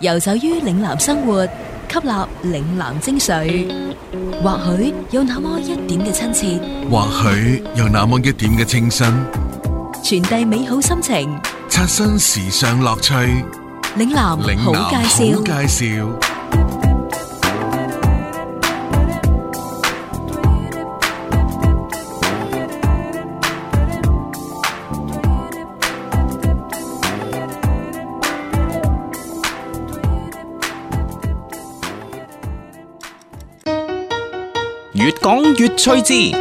遊走於嶺南生活，吸納嶺南精髓，或許有那麼一點嘅親切，或許有那麼一點嘅清新，傳遞美好心情，刷新時尚樂趣。嶺南好介紹，好介紹。講越趣之，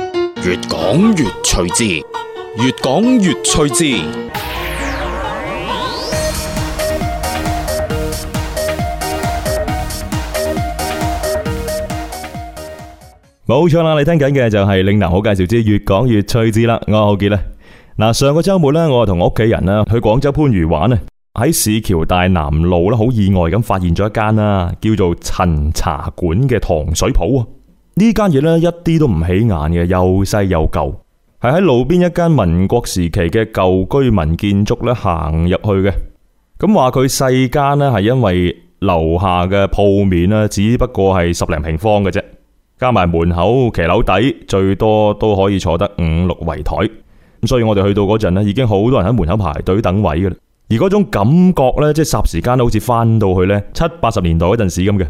越講越趣之，越講越趣之。冇錯啦，你聽緊嘅就係嶺南好介紹之越講越趣之啦。我阿浩杰咧，嗱上個周末呢，我同我屋企人啊，去廣州番禺玩啊，喺市橋大南路啦，好意外咁發現咗一間啊叫做陳茶館嘅糖水鋪啊。呢間嘢咧，一啲都唔起眼嘅，又細又舊，係喺路邊一間民國時期嘅舊居民建築咧行入去嘅。咁話佢細間呢，係因為樓下嘅鋪面呢，只不過係十零平方嘅啫，加埋門口騎樓底，最多都可以坐得五六圍台。咁所以我哋去到嗰陣呢，已經好多人喺門口排隊等位嘅啦。而嗰種感覺呢，即係霎時間都好似翻到去呢七八十年代嗰陣時咁嘅。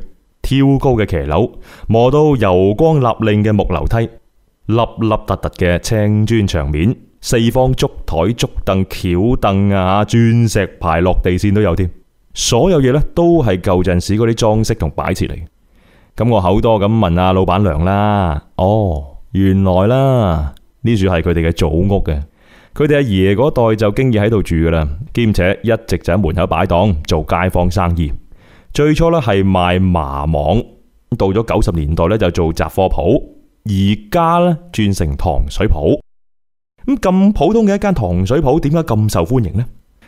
超高嘅騎樓，磨到油光立令嘅木樓梯，粒粒凸凸嘅青磚牆面，四方竹台竹凳、橋凳啊，磚石排落地線都有添。所有嘢咧都係舊陣時嗰啲裝飾同擺設嚟嘅。咁我好多咁問阿老闆娘啦，哦，原來啦，呢處係佢哋嘅祖屋嘅，佢哋阿爺嗰代就經已喺度住噶啦，兼且一直就喺門口擺檔做街坊生意。最初咧係賣麻網，到咗九十年代咧就做雜貨鋪，而家咧轉成糖水鋪。咁咁普通嘅一間糖水鋪，點解咁受歡迎呢？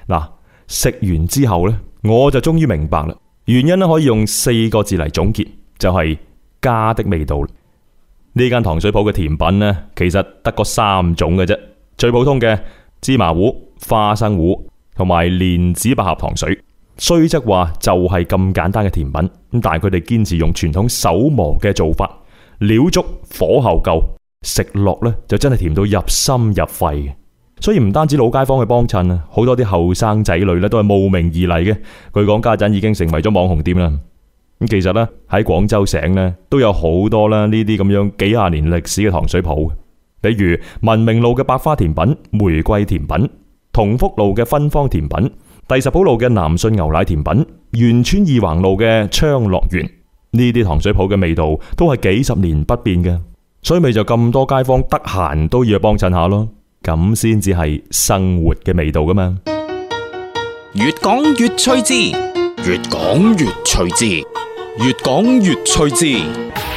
嗱，食完之後咧，我就終於明白啦。原因咧可以用四個字嚟總結，就係家的味道。呢間糖水鋪嘅甜品咧，其實得個三種嘅啫，最普通嘅芝麻糊、花生糊同埋蓮子百合糖水。雖則話就係咁簡單嘅甜品，但係佢哋堅持用傳統手磨嘅做法，料足火候夠，食落咧就真係甜到入心入肺。所以唔單止老街坊去幫襯啊，好多啲後生仔女咧都係慕名而嚟嘅。據講家陣已經成為咗網紅店啦。咁其實咧喺廣州城咧都有好多啦，呢啲咁樣幾廿年歷史嘅糖水鋪，比如文明路嘅百花甜品、玫瑰甜品、同福路嘅芬芳甜品。第十甫路嘅南信牛奶甜品。員村二橫路嘅昌樂園，呢啲糖水鋪嘅味道都係幾十年不變嘅，所以咪就咁多街坊得閒都要去幫襯下咯，咁先至係生活嘅味道噶嘛。越講越趣致，越講越趣致，越講越趣致。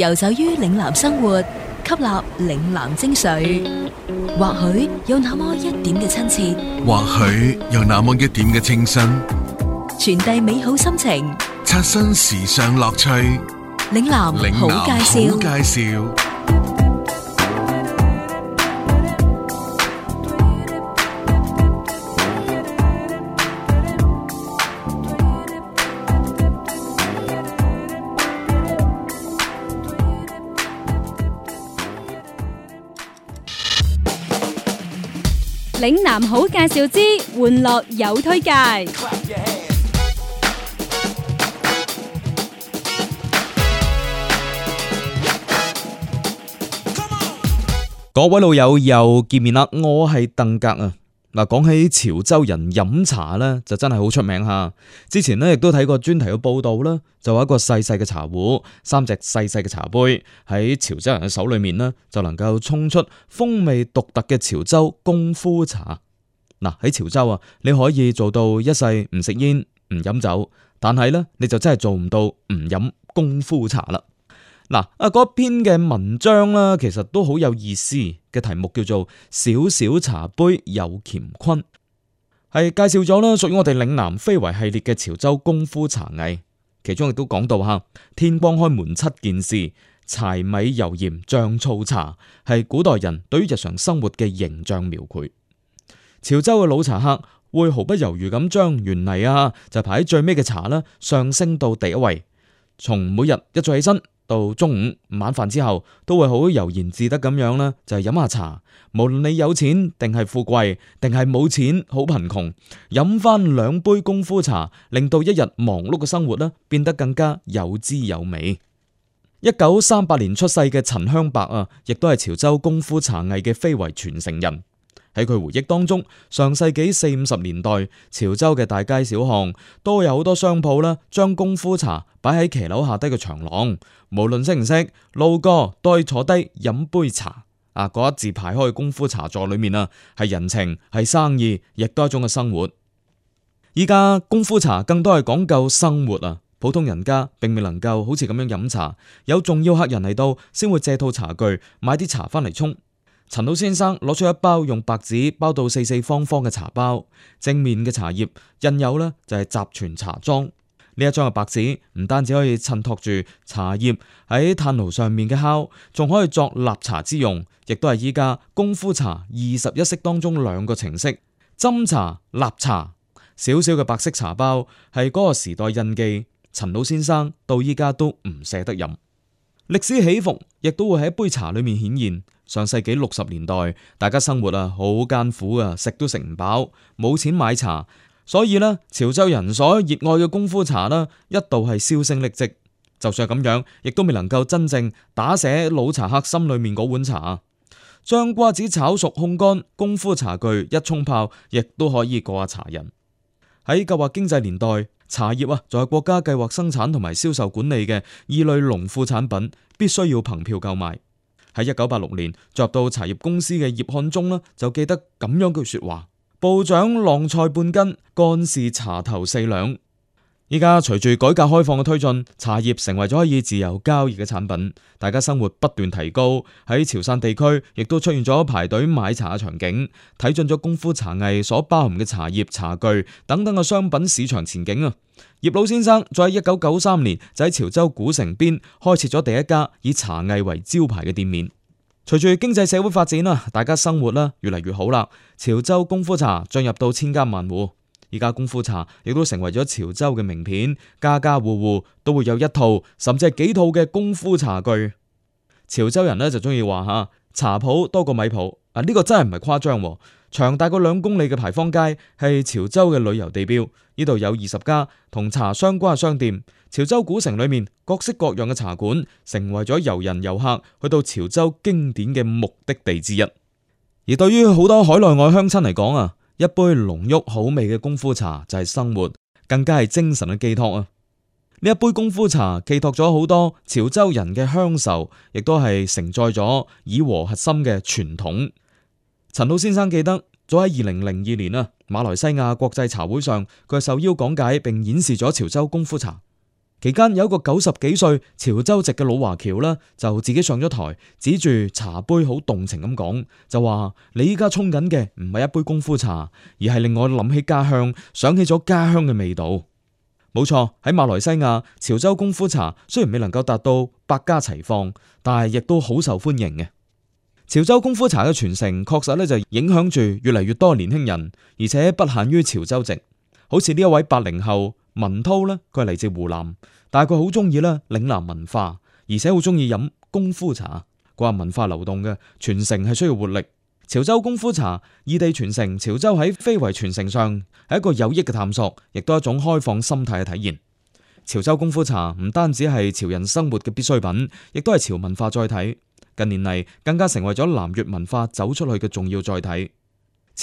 遊走於嶺南生活，吸納嶺南精髓，或許有那麼一點嘅親切，或許有那麼一點嘅清新，傳遞美好心情，刷新時尚樂趣。嶺南好介紹。嶺南好介紹之，玩樂有推介。各位老友又見面啦，我係鄧格啊。嗱，講起潮州人飲茶咧，就真係好出名吓。之前咧亦都睇過專題嘅報道啦，就話一個細細嘅茶壺，三隻細細嘅茶杯喺潮州人嘅手裏面呢，就能夠沖出風味獨特嘅潮州功夫茶。嗱，喺潮州啊，你可以做到一世唔食煙唔飲酒，但係咧你就真係做唔到唔飲功夫茶啦。嗱，啊嗰篇嘅文章啦，其實都好有意思。嘅題目叫做《小小茶杯有乾坤》，係介紹咗啦，屬於我哋嶺南非遺系列嘅潮州功夫茶藝。其中亦都講到吓，天光開門七件事，柴米油鹽醬醋茶，係古代人對於日常生活嘅形象描繪。潮州嘅老茶客會毫不猶豫咁將原嚟啊，就排喺最尾嘅茶啦，上升到第一位。從每日一早起身。到中午晚飯之後，都會好悠然自得咁樣啦，就係、是、飲下茶。無論你有錢定係富貴，定係冇錢好貧窮，飲翻兩杯工夫茶，令到一日忙碌嘅生活啦，變得更加有滋有味。一九三八年出世嘅陳香白啊，亦都係潮州工夫茶藝嘅非遺傳承人。喺佢回憶當中，上世紀四五十年代，潮州嘅大街小巷都有好多商鋪啦，將功夫茶擺喺騎樓下低嘅長廊，無論識唔識路過，都可以坐低飲杯茶。啊，嗰一字排開嘅功夫茶座裏面啊，係人情，係生意，亦都係一種嘅生活。依家功夫茶更多係講究生活啊，普通人家並未能夠好似咁樣飲茶，有重要客人嚟到，先會借套茶具，買啲茶翻嚟沖。陳老先生攞出一包用白紙包到四四方方嘅茶包，正面嘅茶葉印有呢就係集全茶莊呢一張嘅白紙，唔單止可以襯托住茶葉喺炭爐上面嘅烤，仲可以作納茶之用，亦都係依家功夫茶二十一式當中兩個程式斟茶、納茶。小小嘅白色茶包係嗰個時代印記，陳老先生到依家都唔捨得飲。歷史起伏亦都會喺一杯茶裏面顯現。上世紀六十年代，大家生活啊好艱苦噶、啊，食都食唔飽，冇錢買茶，所以呢，潮州人所熱愛嘅功夫茶呢，一度係銷聲匿跡。就算咁樣，亦都未能夠真正打寫老茶客心裏面嗰碗茶。將瓜子炒熟烘乾，功夫茶具一沖泡，亦都可以過下茶癮。喺計劃經濟年代。茶葉啊，就係國家計劃生產同埋銷售管理嘅二類農副產品，必須要憑票購買。喺一九八六年，入到茶葉公司嘅葉漢忠呢就記得咁樣句說話：部長浪菜半斤，幹事茶頭四兩。而家隨住改革開放嘅推進，茶葉成為咗可以自由交易嘅產品。大家生活不斷提高，喺潮汕地區亦都出現咗排隊買茶嘅場景，睇準咗功夫茶藝所包含嘅茶葉、茶具等等嘅商品市場前景，啊，葉老先生在一九九三年就喺潮州古城邊開設咗第一家以茶藝為招牌嘅店面。隨住經濟社會發展啊，大家生活啦越嚟越好啦，潮州功夫茶進入到千家萬戶。而家功夫茶亦都成為咗潮州嘅名片，家家戶戶都會有一套甚至係幾套嘅功夫茶具。潮州人呢就鍾意話吓，茶鋪多過米鋪啊！呢個真係唔係誇張喎。長大過兩公里嘅牌坊街係潮州嘅旅遊地標，呢度有二十家同茶相關嘅商店。潮州古城裏面各式各樣嘅茶館，成為咗遊人遊客去到潮州經典嘅目的地之一。而對於好多海內外鄉親嚟講啊！一杯濃郁好味嘅工夫茶就係生活，更加係精神嘅寄託啊！呢一杯工夫茶寄託咗好多潮州人嘅鄉愁，亦都係承載咗以和核心嘅傳統。陳老先生記得，早喺二零零二年啊，馬來西亞國際茶會上，佢受邀講解並演示咗潮州工夫茶。期間有一個九十幾歲潮州籍嘅老華僑呢，就自己上咗台，指住茶杯好動情咁講，就話：你依家沖緊嘅唔係一杯功夫茶，而係令我諗起家鄉，想起咗家鄉嘅味道。冇錯，喺馬來西亞潮州功夫茶雖然未能夠達到百家齊放，但係亦都好受歡迎嘅。潮州功夫茶嘅傳承確實咧就影響住越嚟越多年輕人，而且不限於潮州籍，好似呢一位八零後。文濤呢，佢係嚟自湖南，但係佢好中意呢嶺南文化，而且好中意飲功夫茶。佢話文化流動嘅傳承係需要活力。潮州功夫茶異地傳承，潮州喺非遺傳承上係一個有益嘅探索，亦都係一種開放心態嘅體現。潮州功夫茶唔單止係潮人生活嘅必需品，亦都係潮文化載體。近年嚟更加成為咗南粵文化走出去嘅重要載體。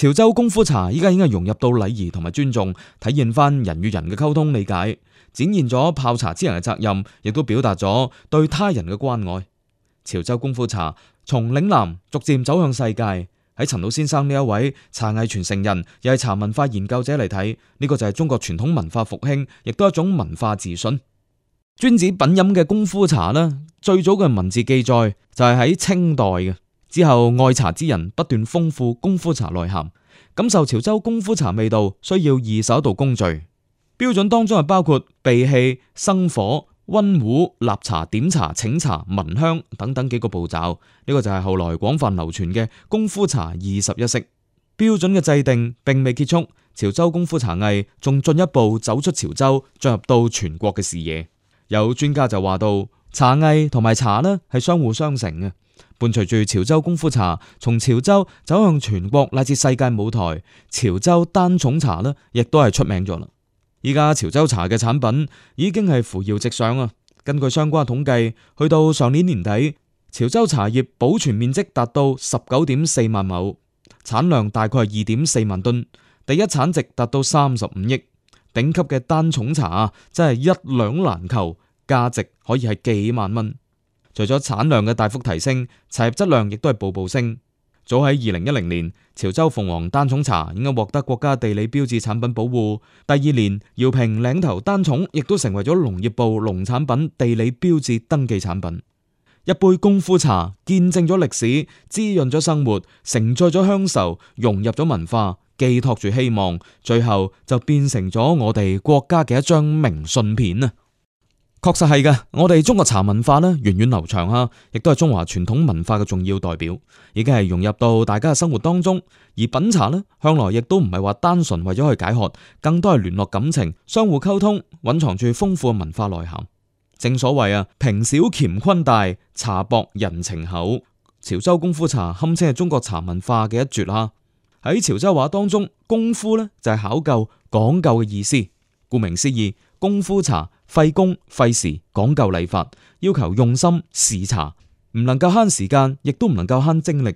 潮州工夫茶依家已經係融入到禮儀同埋尊重，體現翻人與人嘅溝通理解，展現咗泡茶之人嘅責任，亦都表達咗對他人嘅關愛。潮州工夫茶從嶺南逐漸走向世界，喺陳老先生呢一位茶藝傳承人，又係茶文化研究者嚟睇，呢個就係中國傳統文化復興，亦都一種文化自信。專指品飲嘅工夫茶啦，最早嘅文字記載就係喺清代嘅。之後，愛茶之人不斷豐富功夫茶內涵，感受潮州功夫茶味道需要二十一道工序。標準當中係包括備器、生火、溫壺、納茶、點茶、請茶、聞香等等幾個步驟。呢個就係後來廣泛流傳嘅功夫茶二十一式。標準嘅制定並未結束，潮州功夫茶藝仲進一步走出潮州，進入到全國嘅視野。有專家就話到。茶藝同埋茶呢係相輔相成嘅。伴隨住潮州功夫茶從潮州走向全國乃至世界舞台，潮州單叢茶呢亦都係出名咗啦。依家潮州茶嘅產品已經係扶搖直上啊！根據相關統計，去到上年年底，潮州茶葉保存面積達到十九點四萬畝，產量大概二點四萬噸，第一產值達到三十五億。頂級嘅單叢茶真係一兩難求。價值可以係幾萬蚊，除咗產量嘅大幅提升，茶葉質量亦都係步步升。早喺二零一零年，潮州鳳凰單叢茶已經獲得國家地理標誌產品保護。第二年，饒平嶺頭單叢亦都成為咗農業部農產品地理標誌登記產品。一杯功夫茶見證咗歷史，滋潤咗生活，承載咗鄉愁，融入咗文化，寄託住希望，最後就變成咗我哋國家嘅一張明信片啊！確實係嘅，我哋中國茶文化呢源遠，遠流長啊，亦都係中華傳統文化嘅重要代表，已經係融入到大家嘅生活當中。而品茶呢，向來亦都唔係話單純為咗去解渴，更多係聯絡感情、相互溝通，蘊藏住豐富嘅文化內涵。正所謂啊，平小乾坤大，茶薄人情厚。潮州工夫茶堪稱係中國茶文化嘅一絕啦，啊。喺潮州話當中，工夫呢就係、是、考究、講究嘅意思，顧名思義。功夫茶費工費時，講究禮法，要求用心試茶，唔能夠慳時間，亦都唔能夠慳精力。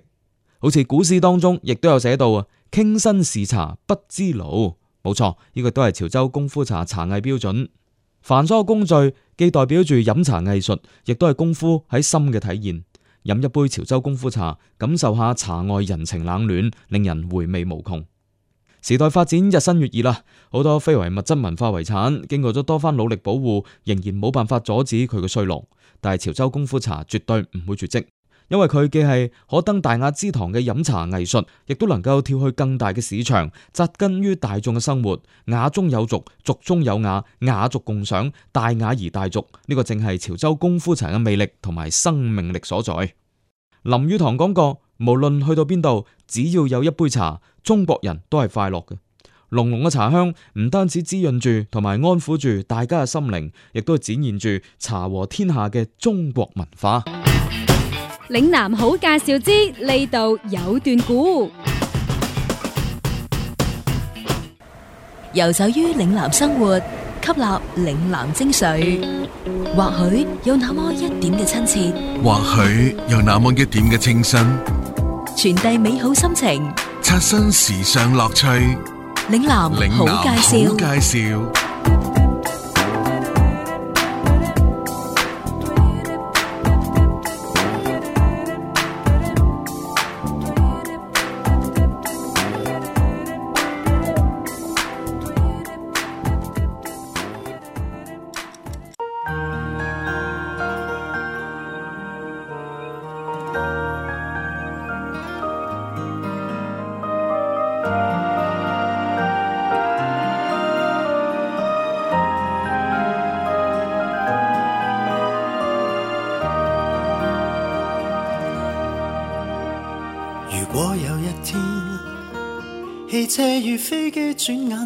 好似古詩當中亦都有寫到啊，傾身試茶不知勞，冇錯，呢個都係潮州功夫茶茶藝標準。繁瑣工序既代表住飲茶藝術，亦都係功夫喺心嘅體現。飲一杯潮州功夫茶，感受下茶外人情冷暖，令人回味無窮。時代發展日新月異啦，好多非物質文化遺產經過咗多番努力保護，仍然冇辦法阻止佢嘅衰落。但係潮州功夫茶絕對唔會絕跡，因為佢既係可登大雅之堂嘅飲茶藝術，亦都能夠跳去更大嘅市場，扎根於大眾嘅生活。雅中有俗，俗中有雅，雅俗共賞，大雅而大俗。呢、這個正係潮州功夫茶嘅魅力同埋生命力所在。林語堂講過，無論去到邊度，只要有一杯茶，中國人都係快樂嘅，濃濃嘅茶香唔單止滋潤住同埋安撫住大家嘅心靈，亦都展現住茶和天下嘅中國文化。嶺南好介紹之，呢度有段古，遊走於嶺南生活，吸納嶺南精髓，或許有那麼一點嘅親切，或許有那麼一點嘅清新，傳遞美好心情。刷新時尚樂趣，嶺南好介紹。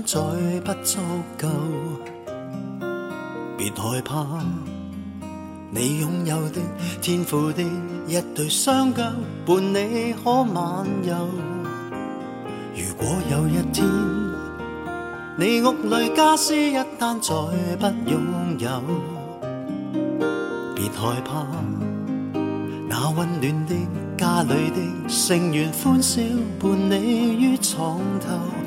再不足夠，別害怕。你擁有的天賦的一對雙腳，伴你可漫遊。如果有一天，你屋內家私一旦再不擁有，別害怕。那溫暖的家裏的成員歡笑，伴你於床頭。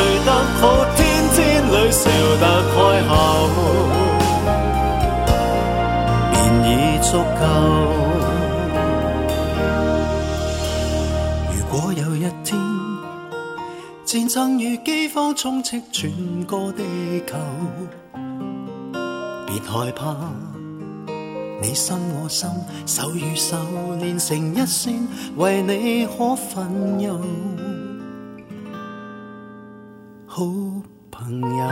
曾與饑荒充斥全個地球，別害怕，你心我心，手與手連成一線，為你可分憂，好朋友。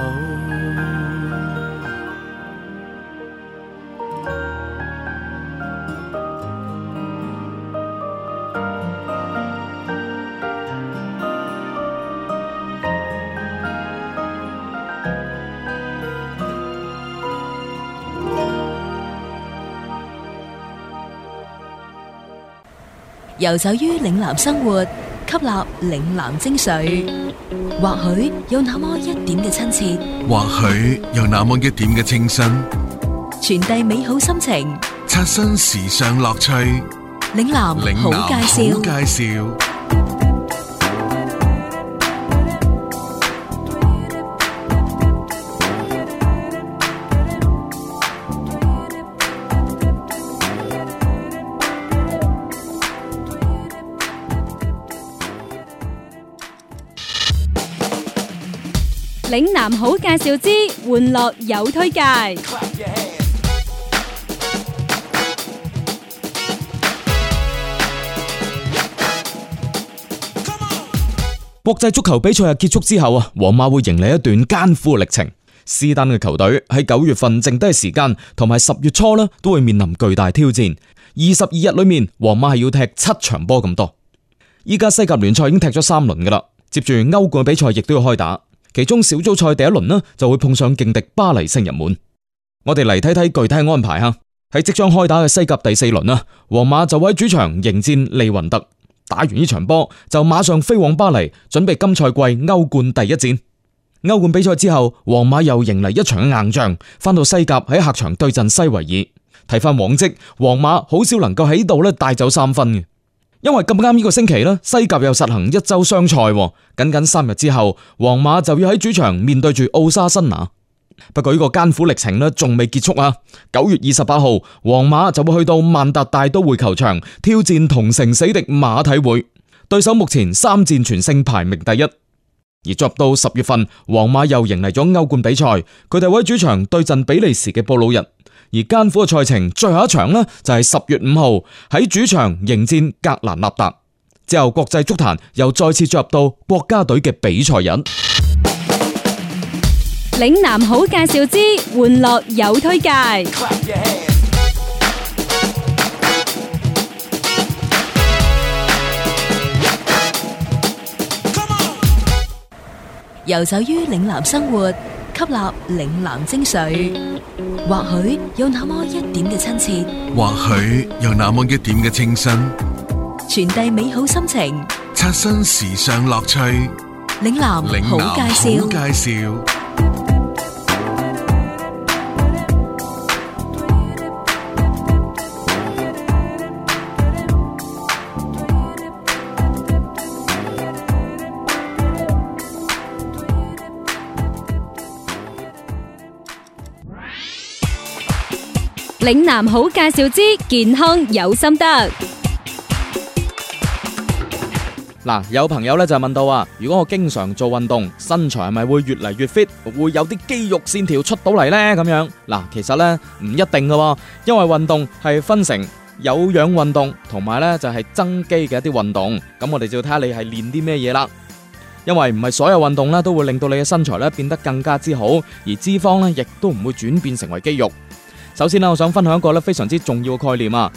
遊走於嶺南生活，吸納嶺南精髓，或許有那麼一點嘅親切，或許有那麼一點嘅清新，傳遞美好心情，刷新時尚樂趣。嶺南好介紹，好介紹。嶺南好介紹之，玩樂有推介。國際足球比賽日結束之後啊，皇馬會迎嚟一段艱苦嘅歷程。斯丹嘅球隊喺九月份剩低嘅時間，同埋十月初呢，都會面臨巨大挑戰。二十二日裏面，皇馬係要踢七場波咁多。依家西甲聯賽已經踢咗三輪噶啦，接住歐冠比賽亦都要開打。其中小組賽第一輪呢，就會碰上勁敵巴黎聖日門。我哋嚟睇睇具體安排吓，喺即將開打嘅西甲第四輪啦，皇馬就喺主場迎戰利雲特，打完呢場波就馬上飛往巴黎，準備今賽季歐冠第一戰。歐冠比賽之後，皇馬又迎嚟一場硬仗，翻到西甲喺客場對陣西維爾。睇翻往績，皇馬好少能夠喺度咧帶走三分。因為咁啱呢個星期呢，西甲又實行一周雙賽，僅僅三日之後，皇馬就要喺主場面對住奧沙辛拿。不過呢個艱苦歷程呢，仲未結束啊！九月二十八號，皇馬就會去到萬達大都會球場挑戰同城死敵馬體會，對手目前三戰全勝，排名第一。而作到十月份，皇馬又迎嚟咗歐冠比賽，佢哋會喺主場對陣比利時嘅布魯日。而艱苦嘅賽程最後一場呢，就係十月五號喺主場迎戰格蘭納達。之後國際足壇又再次進入到國家隊嘅比賽日。嶺南好介紹之，玩樂有推介。遊走於嶺南生活。吸納嶺南精髓，或許有那麼一點嘅親切，或許有那麼一點嘅清新，傳遞美好心情，刷新時尚樂趣。嶺南好介紹。嶺南好介紹之健康有心得。嗱、呃，有朋友呢就問到話：如果我經常做運動，身材係咪會越嚟越 fit，會有啲肌肉線條出到嚟呢？咁樣嗱、呃，其實呢，唔一定㗎、哦，因為運動係分成有氧運動同埋呢就係、是、增肌嘅一啲運動。咁我哋就要睇下你係練啲咩嘢啦。因為唔係所有運動呢都會令到你嘅身材呢變得更加之好，而脂肪呢亦都唔會轉變成為肌肉。首先啦，我想分享一個咧，非常之重要嘅概念啊，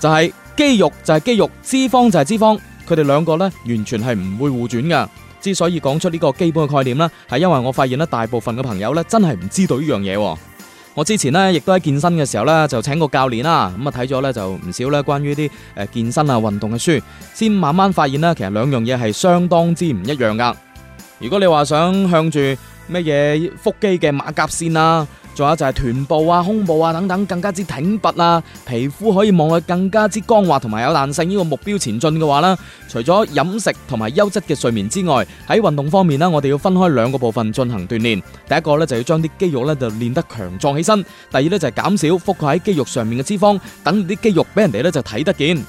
就係肌肉就係肌肉，脂肪就係脂肪，佢哋兩個咧完全係唔會互轉噶。之所以講出呢個基本嘅概念啦，係因為我發現咧大部分嘅朋友咧真係唔知道呢樣嘢。我之前呢，亦都喺健身嘅時候呢，就請個教練啦，咁啊睇咗呢，就唔少呢關於啲誒健身啊運動嘅書，先慢慢發現呢，其實兩樣嘢係相當之唔一樣噶。如果你話想向住乜嘢腹肌嘅馬甲線啊，仲有就係臀部啊、胸部啊等等，更加之挺拔啊，皮膚可以望去更加之光滑同埋有彈性呢個目標前進嘅話咧，除咗飲食同埋優質嘅睡眠之外，喺運動方面呢，我哋要分開兩個部分進行鍛煉。第一個呢，就要將啲肌肉呢就練得強壯起身，第二呢，就係減少覆蓋喺肌肉上面嘅脂肪，等啲肌肉俾人哋呢就睇得見。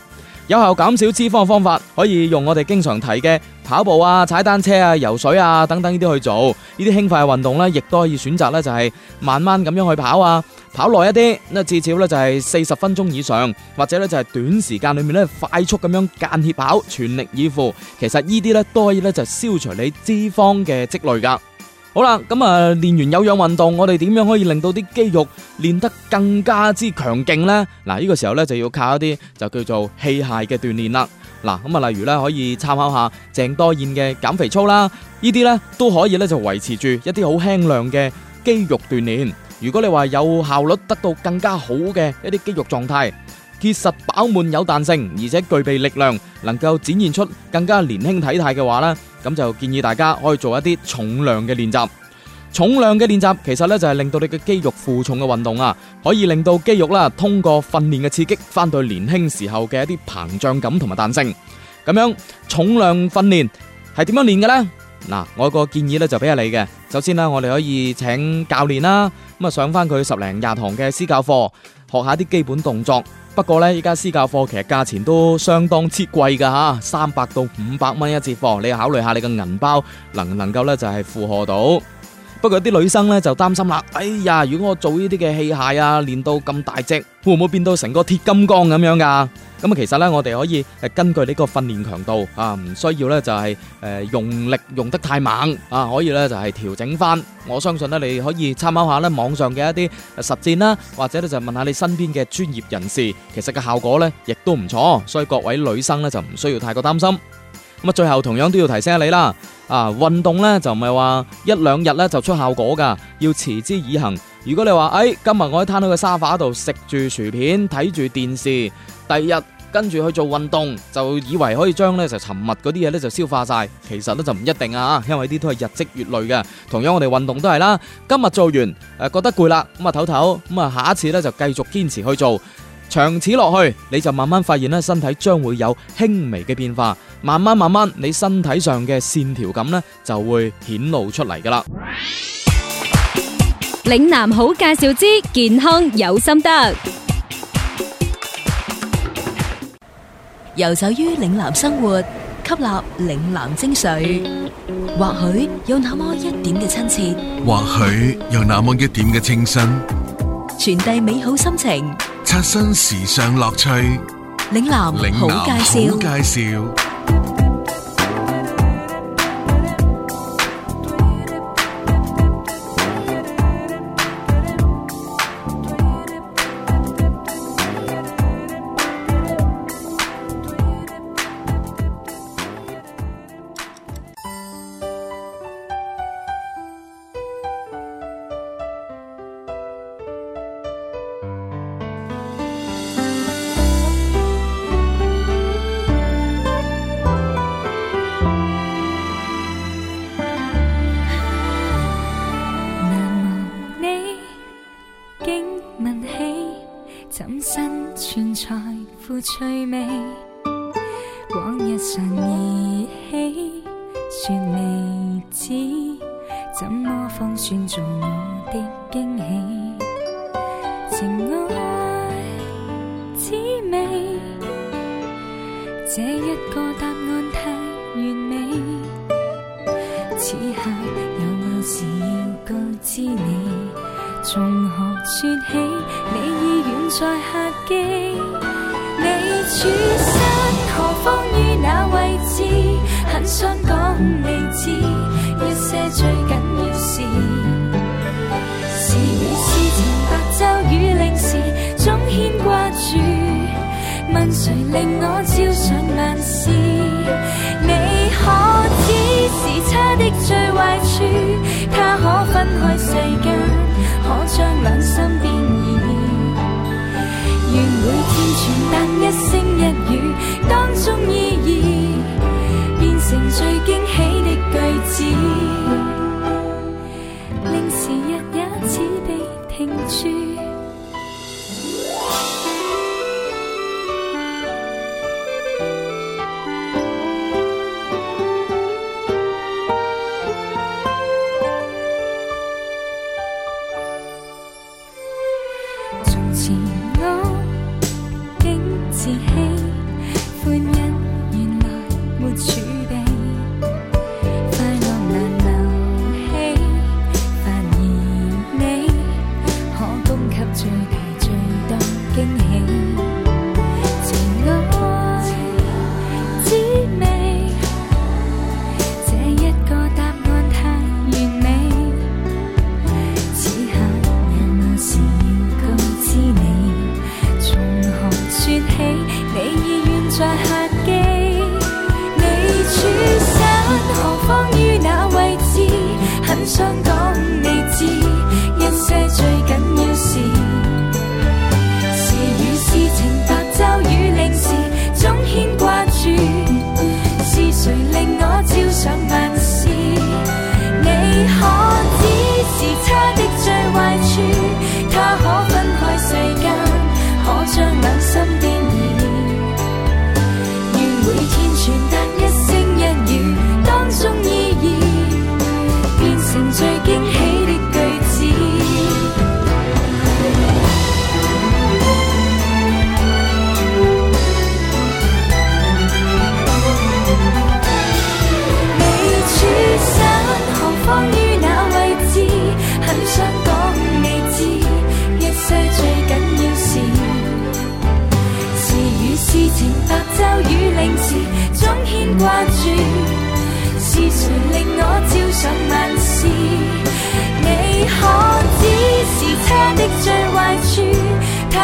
有效減少脂肪嘅方法，可以用我哋經常提嘅跑步啊、踩單車啊、游水啊等等呢啲去做。呢啲輕快嘅運動呢，亦都可以選擇呢，就係慢慢咁樣去跑啊，跑耐一啲，那至少呢，就係四十分鐘以上，或者呢，就係短時間裏面呢，快速咁樣間歇跑，全力以赴。其實呢啲呢，都可以呢，就消除你脂肪嘅積累噶。好啦，咁啊練完有氧運動，我哋點樣可以令到啲肌肉練得更加之強勁呢？嗱、啊，呢、這個時候呢，就要靠一啲就叫做器械嘅鍛煉啦。嗱、啊，咁、嗯、啊，例如呢，可以參考下鄭多燕嘅減肥操啦，呢啲呢，都可以呢，就維持住一啲好輕量嘅肌肉鍛煉。如果你話有效率得到更加好嘅一啲肌肉狀態，結實飽滿有彈性，而且具備力量，能夠展現出更加年輕體態嘅話呢。咁就建議大家可以做一啲重量嘅練習，重量嘅練習其實呢，就係令到你嘅肌肉負重嘅運動啊，可以令到肌肉啦通過訓練嘅刺激，翻對年輕時候嘅一啲膨脹感同埋彈性。咁樣重量訓練係點樣練嘅呢？嗱，我一個建議呢，就俾下你嘅。首先呢，我哋可以請教練啦，咁啊上翻佢十零廿堂嘅私教課，學下啲基本動作。不過呢，依家私教課其實價錢都相當之貴噶吓，三百到五百蚊一節課，你考慮下你嘅銀包能唔能夠呢？就係負荷到？不過啲女生呢，就擔心啦，哎呀，如果我做呢啲嘅器械啊，練到咁大隻。會唔會變到成個鐵金剛咁樣噶？咁啊，其實咧，我哋可以誒，根據呢個訓練強度啊，唔需要咧就係誒用力用得太猛啊，可以咧就係調整翻。我相信咧，你可以參考下咧網上嘅一啲實戰啦，或者咧就問下你身邊嘅專業人士，其實個效果咧亦都唔錯。所以各位女生咧就唔需要太過擔心。咁啊，最後同樣都要提醒下你啦，啊運動咧就唔係話一兩日咧就出效果噶，要持之以恆。如果你話，誒、哎，今日我喺攤喺個沙發度食住薯片睇住電視，第二日跟住去做運動，就以為可以將咧就沉默嗰啲嘢咧就消化晒，其實咧就唔一定啊，因為呢啲都係日積月累嘅。同樣我哋運動都係啦，今日做完，誒、呃、覺得攰啦，咁啊唞唞，咁啊下一、嗯、次咧就繼續堅持去做，長此落去，你就慢慢發現咧身體將會有輕微嘅變化，慢慢慢慢你身體上嘅線條感呢就會顯露出嚟噶啦。嶺南好介紹之健康有心得，游走於嶺南生活，吸納嶺南精髓，或許有那麼一點嘅親切，或許有那麼一點嘅清新，傳遞美好心情，刷新時尚樂趣。嶺南好介紹。尊重我的驚喜，情愛滋味，這一個答案太完美。此刻有某事要告知你，從何說起？你已遠在客機，你處身何方於那位置？很想講你知一些最緊要事。誰令我朝想晚思？你可知時差的最壞處？它可分開世間，可將兩心變異。願每天傳達一聲一語，當中意義變成最驚喜。自欺。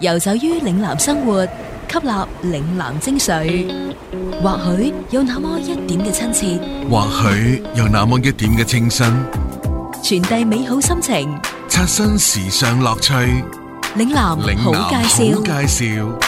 遊走於嶺南生活，吸納嶺南精髓，或許有那麼一點嘅親切，或許有那麼一點嘅清新，傳遞美好心情，刷新時尚樂趣。嶺南好介紹。